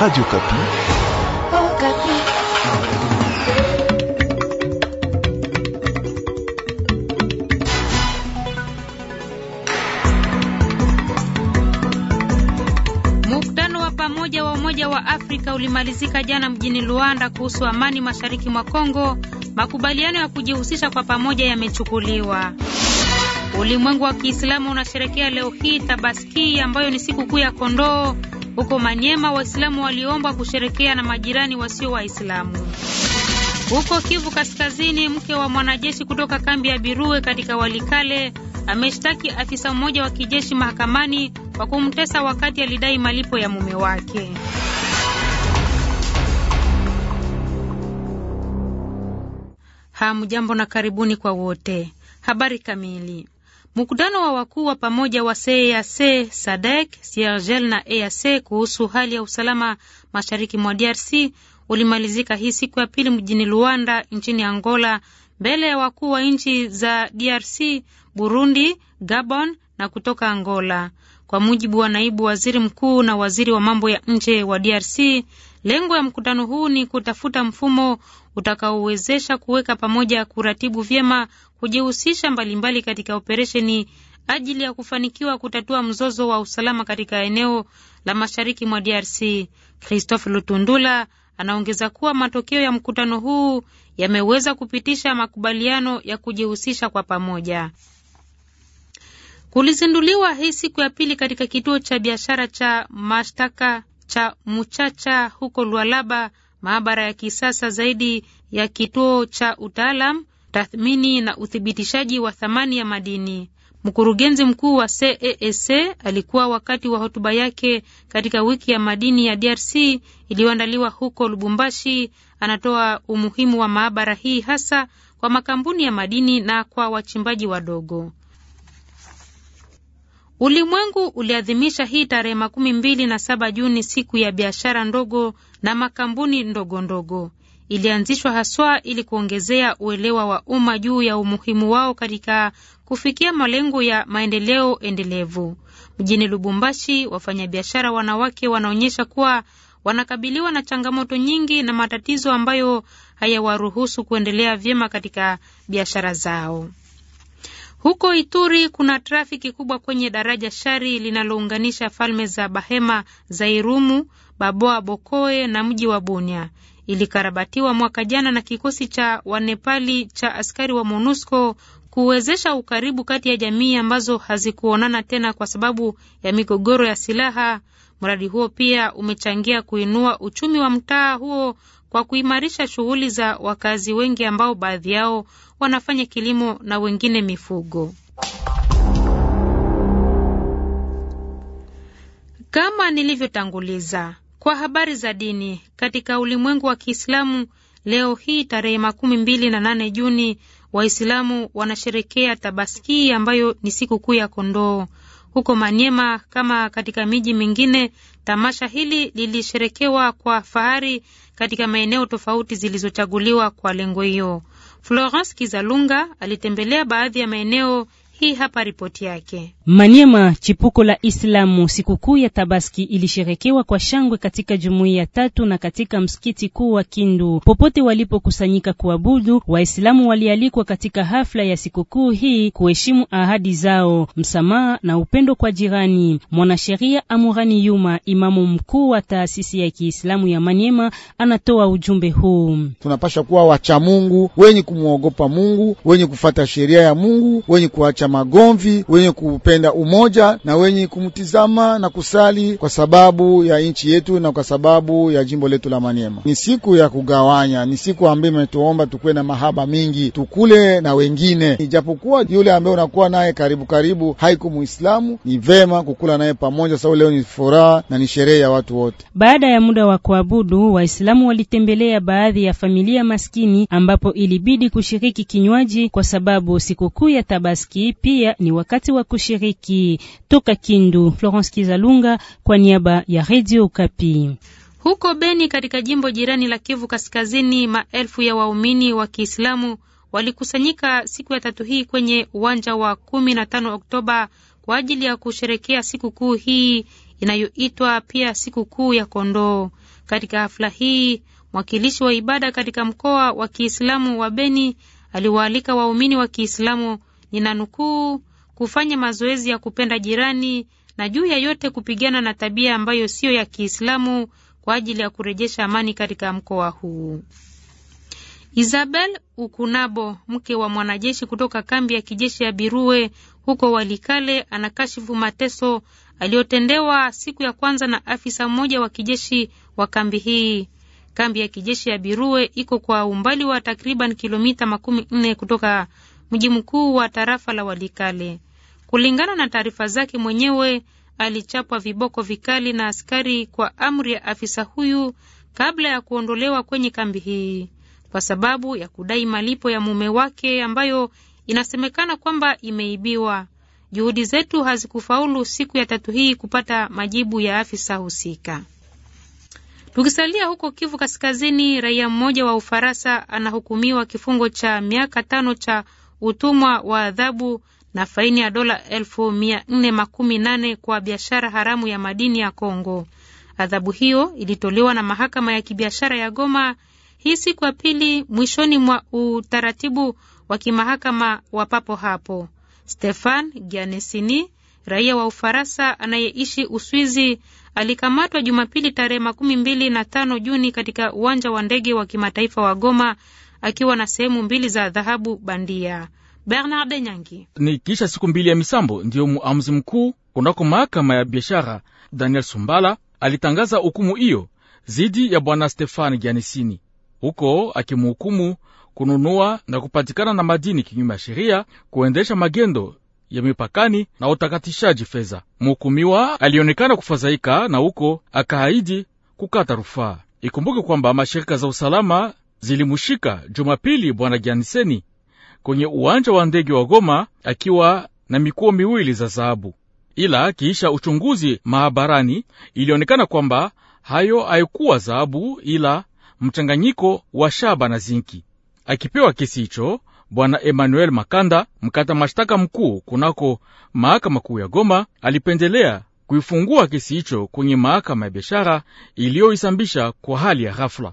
Radio Kapi. Oh, Kapi. Mkutano wa pamoja wa Umoja wa Afrika ulimalizika jana mjini Luanda kuhusu amani mashariki mwa Kongo. Makubaliano ya kujihusisha kwa pamoja yamechukuliwa. Ulimwengu wa Kiislamu unasherekea leo hii Tabaski ambayo ni sikukuu ya kondoo. Huko Manyema Waislamu waliomba kusherekea na majirani wasio Waislamu. Huko Kivu Kaskazini, mke wa mwanajeshi kutoka kambi ya Birue katika Walikale ameshtaki afisa mmoja wa kijeshi mahakamani kwa kumtesa wakati alidai malipo ya mume wake. Hamjambo na karibuni kwa wote. Habari kamili Mkutano wa wakuu wa pamoja wa CEAC, sadec SIERGEL na EAC kuhusu hali ya usalama mashariki mwa DRC ulimalizika hii siku ya pili mjini Luanda nchini Angola mbele ya wakuu wa nchi za DRC, Burundi, Gabon na kutoka Angola. Kwa mujibu wa naibu waziri mkuu na waziri wa mambo ya nje wa DRC, lengo ya mkutano huu ni kutafuta mfumo utakaowezesha kuweka pamoja, kuratibu vyema, kujihusisha mbalimbali katika operesheni ajili ya kufanikiwa kutatua mzozo wa usalama katika eneo la mashariki mwa DRC. Christophe Lutundula anaongeza kuwa matokeo ya mkutano huu yameweza kupitisha makubaliano ya kujihusisha kwa pamoja. Kulizinduliwa hii siku ya pili katika kituo cha biashara cha mashtaka cha Muchacha huko Lualaba maabara ya kisasa zaidi ya kituo cha utaalam, tathmini na uthibitishaji wa thamani ya madini. Mkurugenzi mkuu wa CEEC alikuwa wakati wa hotuba yake katika wiki ya madini ya DRC iliyoandaliwa huko Lubumbashi, anatoa umuhimu wa maabara hii hasa kwa makampuni ya madini na kwa wachimbaji wadogo. Ulimwengu uliadhimisha hii tarehe makumi mbili na saba Juni siku ya biashara ndogo na makampuni ndogo ndogo. Ilianzishwa haswa ili kuongezea uelewa wa umma juu ya umuhimu wao katika kufikia malengo ya maendeleo endelevu. Mjini Lubumbashi, wafanyabiashara wanawake wanaonyesha kuwa wanakabiliwa na changamoto nyingi na matatizo ambayo hayawaruhusu kuendelea vyema katika biashara zao. Huko Ituri kuna trafiki kubwa kwenye daraja shari linalounganisha falme za Bahema za Irumu, Baboa Bokoe na mji wa Bunia. Ilikarabatiwa mwaka jana na kikosi cha Wanepali cha askari wa MONUSCO kuwezesha ukaribu kati ya jamii ambazo hazikuonana tena kwa sababu ya migogoro ya silaha. Mradi huo pia umechangia kuinua uchumi wa mtaa huo kwa kuimarisha shughuli za wakazi wengi ambao baadhi yao wanafanya kilimo na wengine mifugo. Kama nilivyotanguliza kwa habari za dini katika ulimwengu wa Kiislamu, leo hii tarehe makumi mbili na nane Juni, Waislamu wanasherekea Tabaski ambayo ni siku kuu ya kondoo. Huko manyema kama katika miji mingine, tamasha hili lilisherekewa kwa fahari katika maeneo tofauti zilizochaguliwa kwa lengo hiyo. Florence Kizalunga alitembelea baadhi ya maeneo hii hapa ripoti yake. Maniema, chipuko la Islamu. Sikukuu ya Tabaski ilisherekewa kwa shangwe katika jumuiya tatu na katika msikiti kuu wa Kindu. Popote walipokusanyika kuabudu, Waislamu walialikwa katika hafla ya sikukuu hii kuheshimu ahadi zao, msamaha na upendo kwa jirani. Mwanasheria Amurani Yuma, imamu mkuu wa taasisi ya Kiislamu ya Maniema, anatoa ujumbe huu: tunapasha kuwa wacha Mungu, wenye kumwogopa Mungu, wenye kufata sheria ya Mungu, wenye kuacha magomvi, wenye kupenda umoja na wenye kumtizama na kusali kwa sababu ya nchi yetu na kwa sababu ya jimbo letu la Maniema. Ni siku ya kugawanya, ni siku ambayo imetuomba tukuwe na mahaba mingi, tukule na wengine, ijapokuwa yule ambaye unakuwa naye karibu karibu haiku Muislamu, ni vema kukula naye pamoja, sababu leo ni furaha na ni sherehe ya watu wote. Baada ya muda wa kuabudu, Waislamu walitembelea baadhi ya familia maskini ambapo ilibidi kushiriki kinywaji kwa sababu sikukuu ya Tabaski pia ni wakati wa kushiriki. Toka Kindu, Florence Kizalunga kwa niaba ya Radio Kapi. Huko Beni katika jimbo jirani la Kivu Kaskazini, maelfu ya waumini wa Kiislamu walikusanyika siku ya tatu hii kwenye uwanja wa 15 Oktoba kwa ajili ya kusherekea siku kuu hii inayoitwa pia siku kuu ya kondoo. Katika hafla hii, mwakilishi wa ibada katika mkoa wa Kiislamu wa Beni aliwaalika waumini wa Kiislamu ninanukuu, kufanya mazoezi ya kupenda jirani na juu ya yote kupigana na tabia ambayo siyo ya Kiislamu kwa ajili ya kurejesha amani katika mkoa huu. Isabel Ukunabo, mke wa mwanajeshi kutoka kambi ya kijeshi ya Birue huko Walikale, anakashifu mateso aliyotendewa siku ya kwanza na afisa mmoja wa kijeshi wa kambi hii. Kambi ya kijeshi ya Birue iko kwa umbali wa takriban kilomita makumi nne kutoka mji mkuu wa tarafa la Walikale. Kulingana na taarifa zake mwenyewe, alichapwa viboko vikali na askari kwa amri ya afisa huyu kabla ya kuondolewa kwenye kambi hii kwa sababu ya kudai malipo ya mume wake ambayo inasemekana kwamba imeibiwa. Juhudi zetu hazikufaulu siku ya tatu hii kupata majibu ya afisa husika. Tukisalia huko Kivu Kaskazini, raia mmoja wa Ufaransa anahukumiwa kifungo cha miaka tano cha utumwa wa adhabu na faini ya dola elfu mia nne makumi nane kwa biashara haramu ya madini ya Kongo. Adhabu hiyo ilitolewa na mahakama ya kibiashara ya Goma hii siku ya pili mwishoni mwa utaratibu wa kimahakama wa papo hapo. Stefan Gianesini, raia wa Ufaransa anayeishi Uswizi, alikamatwa Jumapili tarehe makumi mbili na tano Juni katika uwanja wa ndege wa kimataifa wa Goma akiwa na sehemu mbili za dhahabu bandia. Bernard Nyangi. Ni kisha siku mbili ya misambo ndiyo muamuzi mkuu kunako mahakama ya biashara Daniel Sumbala alitangaza hukumu hiyo zidi ya bwana Stefan Gianisini, huko akimuhukumu kununua na kupatikana na madini kinyume ya sheria, kuendesha magendo ya mipakani na utakatishaji fedha. Mhukumiwa alionekana kufadhaika na huko akaahidi kukata rufaa. Ikumbuke kwamba mashirika za usalama zilimshika Jumapili Bwana Gianiseni kwenye uwanja wa ndege wa Goma akiwa na mikuo miwili za zahabu, ila kiisha uchunguzi maabarani ilionekana kwamba hayo haikuwa zahabu ila mchanganyiko wa shaba na zinki. Akipewa kesi hicho, Bwana Emmanuel Makanda, mkata mashtaka mkuu kunako mahakama kuu ya Goma, alipendelea kuifungua kesi hicho kwenye mahakama ya biashara iliyoisambisha kwa hali ya ghafla.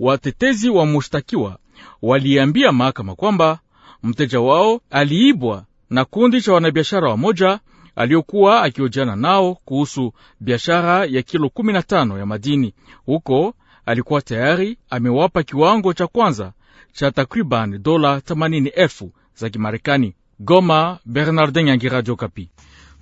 Watetezi wa mushtakiwa waliambia mahakama kwamba mteja wao aliibwa na kundi cha wanabiashara wamoja aliyokuwa akiojana nao kuhusu biashara ya kilo 15 ya madini. Huko alikuwa tayari amewapa kiwango cha kwanza cha takriban dola elfu za Kimarekani. Goma, Bernardin Yangi, Radio Kapi.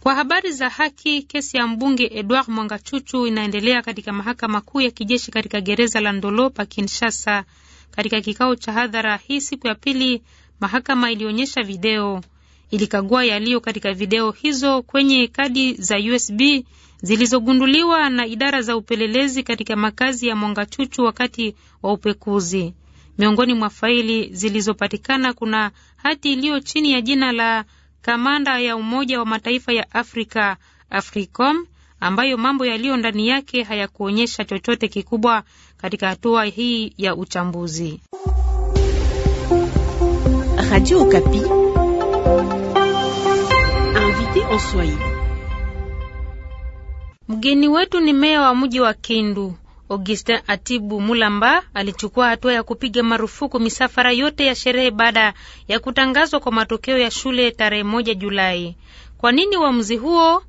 Kwa habari za haki, kesi ya mbunge Edward Mwangachuchu inaendelea katika mahakama kuu ya kijeshi katika gereza la Ndolo pa Kinshasa. Katika kikao cha hadhara hii siku ya pili, mahakama ilionyesha video, ilikagua yaliyo katika video hizo kwenye kadi za USB zilizogunduliwa na idara za upelelezi katika makazi ya Mwangachuchu wakati wa upekuzi. Miongoni mwa faili zilizopatikana kuna hati iliyo chini ya jina la kamanda ya Umoja wa Mataifa ya Afrika AFRICOM ambayo mambo yaliyo ndani yake hayakuonyesha chochote kikubwa katika hatua hii ya uchambuzi. Radio Okapi. Mgeni wetu ni meya wa mji wa Kindu. Augustin Atibu Mulamba alichukua hatua ya kupiga marufuku misafara yote ya sherehe baada ya kutangazwa kwa matokeo ya shule tarehe moja Julai. Kwa nini uamuzi huo?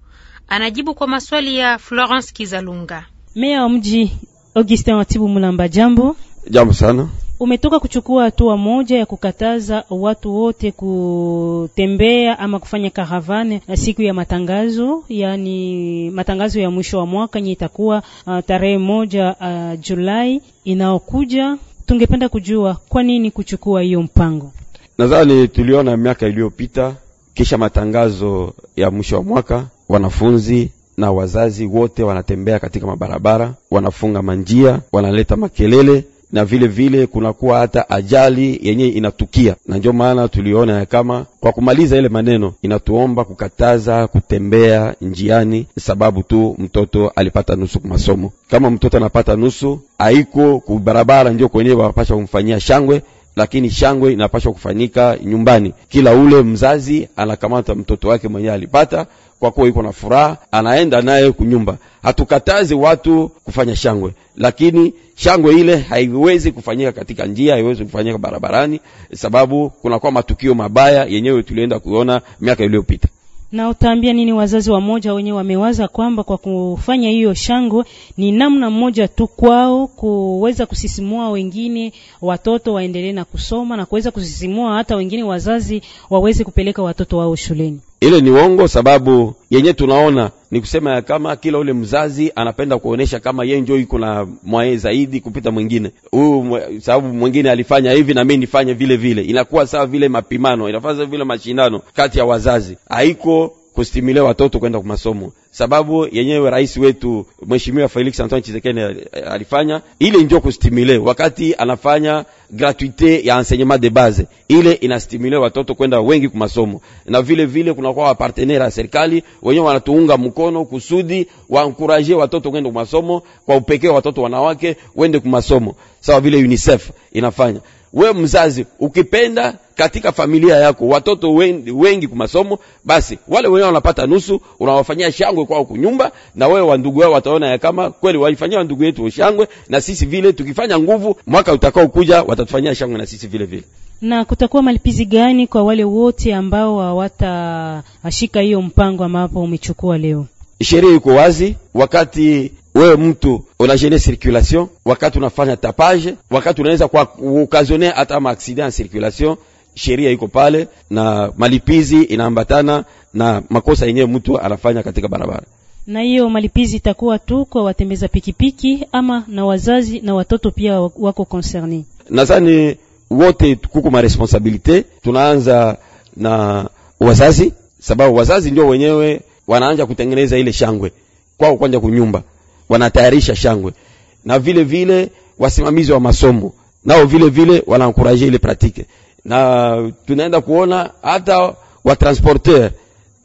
Anajibu kwa maswali ya Florence Kizalunga. Meya wa mji Augustin Atibu Mulamba, jambo. Jambo sana umetoka kuchukua hatua moja ya kukataza watu wote kutembea ama kufanya karavane eh, siku ya matangazo, yani matangazo ya mwisho wa mwaka yenye itakuwa uh, tarehe moja uh, Julai inaokuja. Tungependa kujua kwa nini kuchukua hiyo mpango. Nadhani tuliona miaka iliyopita kisha matangazo ya mwisho wa mwaka, wanafunzi na wazazi wote wanatembea katika mabarabara, wanafunga manjia, wanaleta makelele na vile vile kunakuwa hata ajali yenye inatukia, na ndio maana tuliona ya kama kwa kumaliza ile maneno inatuomba kukataza kutembea njiani, sababu tu mtoto alipata nusu masomo. Kama mtoto anapata nusu, haiko kubarabara ndio kwenye wapasha kumfanyia shangwe lakini shangwe inapaswa kufanyika nyumbani. Kila ule mzazi anakamata mtoto wake mwenyewe alipata kwa kuwa yuko na furaha, anaenda naye kunyumba. Hatukatazi watu kufanya shangwe, lakini shangwe ile haiwezi kufanyika katika njia, haiwezi kufanyika barabarani, sababu kunakuwa matukio mabaya yenyewe tulienda kuona miaka iliyopita. Na utaambia nini wazazi wa moja wenye wamewaza kwamba kwa kufanya hiyo shangwe ni namna moja tu kwao kuweza kusisimua wengine watoto waendelee na kusoma na kuweza kusisimua hata wengine wazazi waweze kupeleka watoto wao shuleni? ile ni wongo, sababu yenye tunaona ni kusema ya kama kila ule mzazi anapenda kuonesha kama yeye ndio yuko na mwae zaidi kupita mwingine huyu, sababu mwingine alifanya hivi na mimi nifanye vile vile. Inakuwa sawa vile mapimano, inafaa vile mashindano kati ya wazazi, haiko kustimule watoto kwenda kumasomo, sababu yenyewe rais wetu mheshimiwa Felix Antoine Tshisekedi alifanya ile ndio kustimule, wakati anafanya gratuite ya enseignement de base, ile inastimule watoto kwenda wengi kumasomo. na vile vile kunakuwa wapartenere ya serikali wenyewe wanatuunga mkono kusudi waankuraje watoto kwenda kumasomo, kwa upekee watoto wanawake wende kumasomo, sawa vile UNICEF inafanya. We mzazi ukipenda katika familia yako watoto wengi, wengi kumasomo, basi wale wenyewe wanapata nusu, unawafanyia shangwe kwao kunyumba, na wewe wandugu wao wataona ya kama kweli waifanyia wandugu yetu shangwe, na sisi vile tukifanya nguvu, mwaka utakao kuja watatufanyia shangwe na sisi vile vile. Na kutakuwa malipizi gani kwa wale wote ambao hawatashika hiyo mpango ambapo umechukua leo? Sheria iko wazi wakati wewe mtu una gene circulation, wakati unafanya tapage, wakati unaweza kwa occasioner hata ma accident en circulation sheria iko pale na malipizi inaambatana na makosa yenyewe mtu anafanya katika barabara na hiyo malipizi itakuwa tu kwa watembeza pikipiki ama na wazazi na watoto pia wako concerni. Nadhani wote kuko ma responsabilite. Tunaanza na wazazi, sababu wazazi ndio wenyewe wanaanza kutengeneza ile shangwe kwao, kwanja kunyumba wanatayarisha shangwe, na vile vile wasimamizi wa masomo nao vile vile wanankuraje ile pratike na tunaenda kuona hata transporteur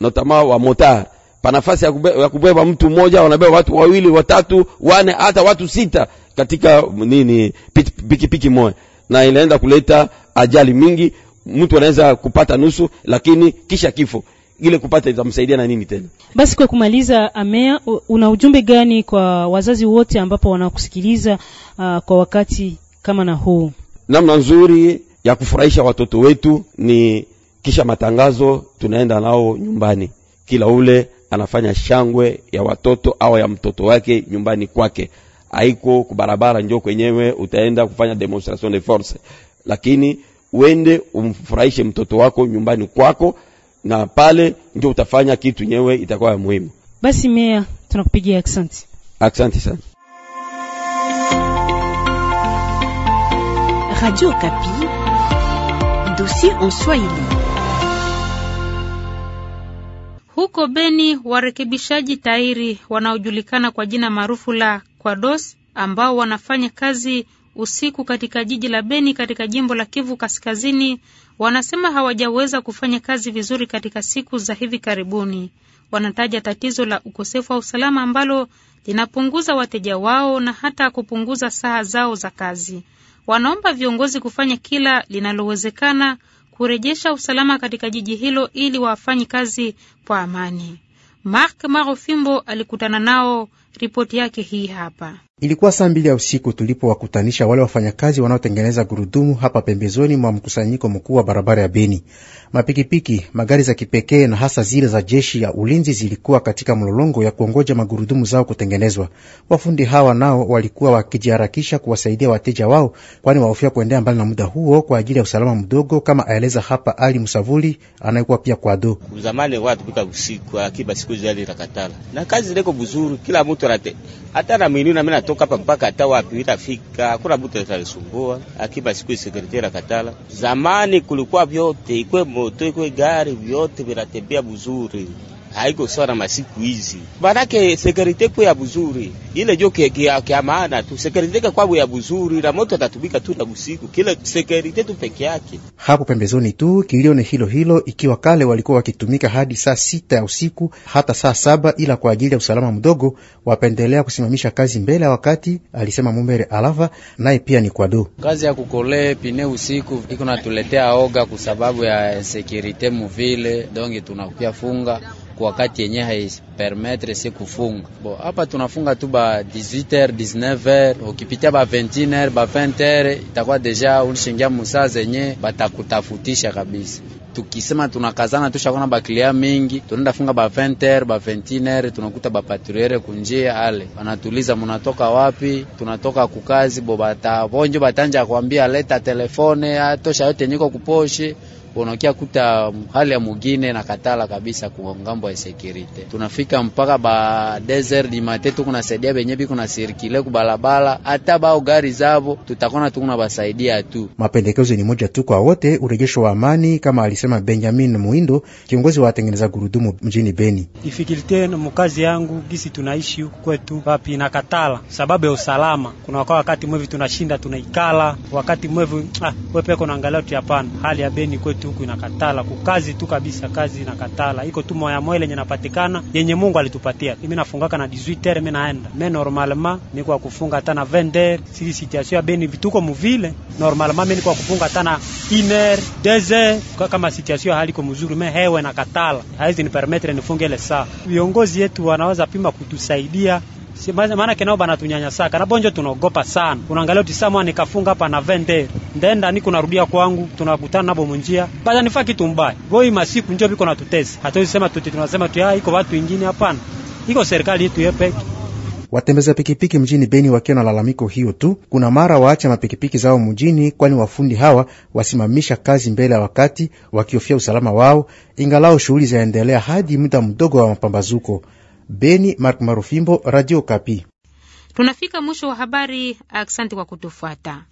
notama wa motar pa nafasi ya kubeba mtu mmoja wanabeba watu wawili watatu wane hata watu sita katika nini pikipiki piki moja, na inaenda kuleta ajali mingi. Mtu anaweza kupata nusu, lakini kisha kifo ile kupata itamsaidia na nini tena? Basi kwa kumaliza, Amea, una ujumbe gani kwa wazazi wote ambapo wanakusikiliza uh, kwa wakati kama na huu? Namna nzuri ya kufurahisha watoto wetu ni kisha matangazo tunaenda nao nyumbani, kila ule anafanya shangwe ya watoto au ya mtoto wake nyumbani kwake, haiko kubarabara njo kwenyewe utaenda kufanya demonstration de force, lakini uende umfurahishe mtoto wako nyumbani kwako, na pale ndio utafanya kitu nyewe itakuwa ya muhimu. Basi mea, tunakupigia aksanti, aksanti sana Radio Kapi. Dossier en Swahili. Huko Beni warekebishaji tairi wanaojulikana kwa jina maarufu la Quados ambao wanafanya kazi usiku katika jiji la Beni katika jimbo la Kivu Kaskazini wanasema hawajaweza kufanya kazi vizuri katika siku za hivi karibuni. Wanataja tatizo la ukosefu wa usalama ambalo linapunguza wateja wao na hata kupunguza saa zao za kazi wanaomba viongozi kufanya kila linalowezekana kurejesha usalama katika jiji hilo ili wafanye kazi kwa amani. Mark Marofimbo alikutana nao, ripoti yake hii hapa. Ilikuwa saa mbili ya usiku tulipowakutanisha wale wafanyakazi wanaotengeneza gurudumu hapa pembezoni mwa mkusanyiko mkuu wa barabara ya Beni. Mapikipiki, magari za kipekee na hasa zile za jeshi ya ulinzi zilikuwa katika mlolongo ya kuongoja magurudumu zao kutengenezwa. Wafundi hawa nao walikuwa wakijiharakisha kuwasaidia wateja wao, kwani wahofia kuendea mbali na muda huo kwa ajili ya usalama mdogo, kama aeleza hapa Ali Msavuli anayekuwa pia kwa do zamani usiku akiba siku rakatala na kazi leko kila mtu rate hata na na mimi toka hapa mpaka hata wapi itafika, hakuna mtu atarisumbua. Akiba siku sekretera katala. Zamani kulikuwa vyote, ikwe moto, ikwe gari, vyote vinatembea vizuri haiko sana masiku hizi, manake sekurite kwa ya buzuri ile jo kia maana tu sekurite kwa kwabo ya buzuri na moto atatumika tu na busiku kile sekurite tu peke yake. Hapo pembezoni tu kilio ni hilo hilo, ikiwa kale walikuwa wakitumika hadi saa sita ya usiku hata saa saba, ila kwa ajili ya usalama mdogo wapendelea kusimamisha kazi mbele ya wakati, alisema Mumbere Alava, naye pia ni kwado kazi ya kukole pine usiku iko natuletea oga kwa sababu ya sekurite muvile donge tunakuya funga kwa wakati yenye haipermetre si kufunga bo. Hapa tunafunga tu ba 18h 19h, ukipitia ba 21h ba 20h itakuwa deja ulishingia musaa zenye batakutafutisha kabisa. Tukisema tunakazana tushakona baklia mingi, tunaenda funga ba 20h ba 21h, tunakuta bapaturiere kunjia ale banatuliza munatoka wapi? Tunatoka kukazi bo, batavonjo batanja kwambia leta telefone atosha yote nyiko kuposhe bonakia kuta hali ya mugine na katala kabisa kwa ngambo ya sekirite Tunafika mpaka ba desert di mate kuna benye bi kuna sirkile ku balabala hata bao gari zabo tutakona tukuna basaidia tu. Mapendekezo ni moja tu kwa wote, urejesho wa amani kama alisema Benjamin Muindo, kiongozi wa watengeneza gurudumu mjini Beni. Ifikirite na mukazi yangu gisi tunaishi huku kwetu papi na katala sababu ya usalama. Kuna wakati mwevi tunashinda tunaikala, wakati mwevi ah, wepeko pekee tu, hapana. Hali ya Beni kwetu yetu huku inakatala kukazi tu kabisa, kazi inakatala, iko tu moya moya lenye napatikana yenye Mungu alitupatia. Mimi nafungaka na 18h mimi naenda mimi normalement niko kwa kufunga hata na 20h, si situation ya beni vituko muvile, normalement mimi niko kwa kufunga hata na 1h 2h, kama situation hali iko mzuri, mimi hewe nakatala haizi ni permettre nifunge ile saa. Viongozi yetu wanaweza pima kutusaidia Si, maana kenao bana tunyanyasa kana bonjo tunaogopa sana. Unaangalia utisamwa nikafunga hapa na vende. Ndenda niko narudia kwangu tunakutana nabo munjia. Baada nifa kitu mbaya. Goi masiku njoo biko na tutesi. Hatuwezi sema tuti tunasema tu ah, iko watu wengine hapana. Iko serikali yetu yepeke. Watembeza pikipiki mjini Beni wakiwa na lalamiko hiyo tu, kuna mara waacha mapikipiki zao mjini, kwani wafundi hawa wasimamisha kazi mbele ya wakati, wakihofia usalama wao, ingalao shughuli zaendelea hadi muda mdogo wa mapambazuko. Beni, Mark Marufimbo, Radio Kapi. Tunafika mwisho wa habari. Asante kwa kutufuata.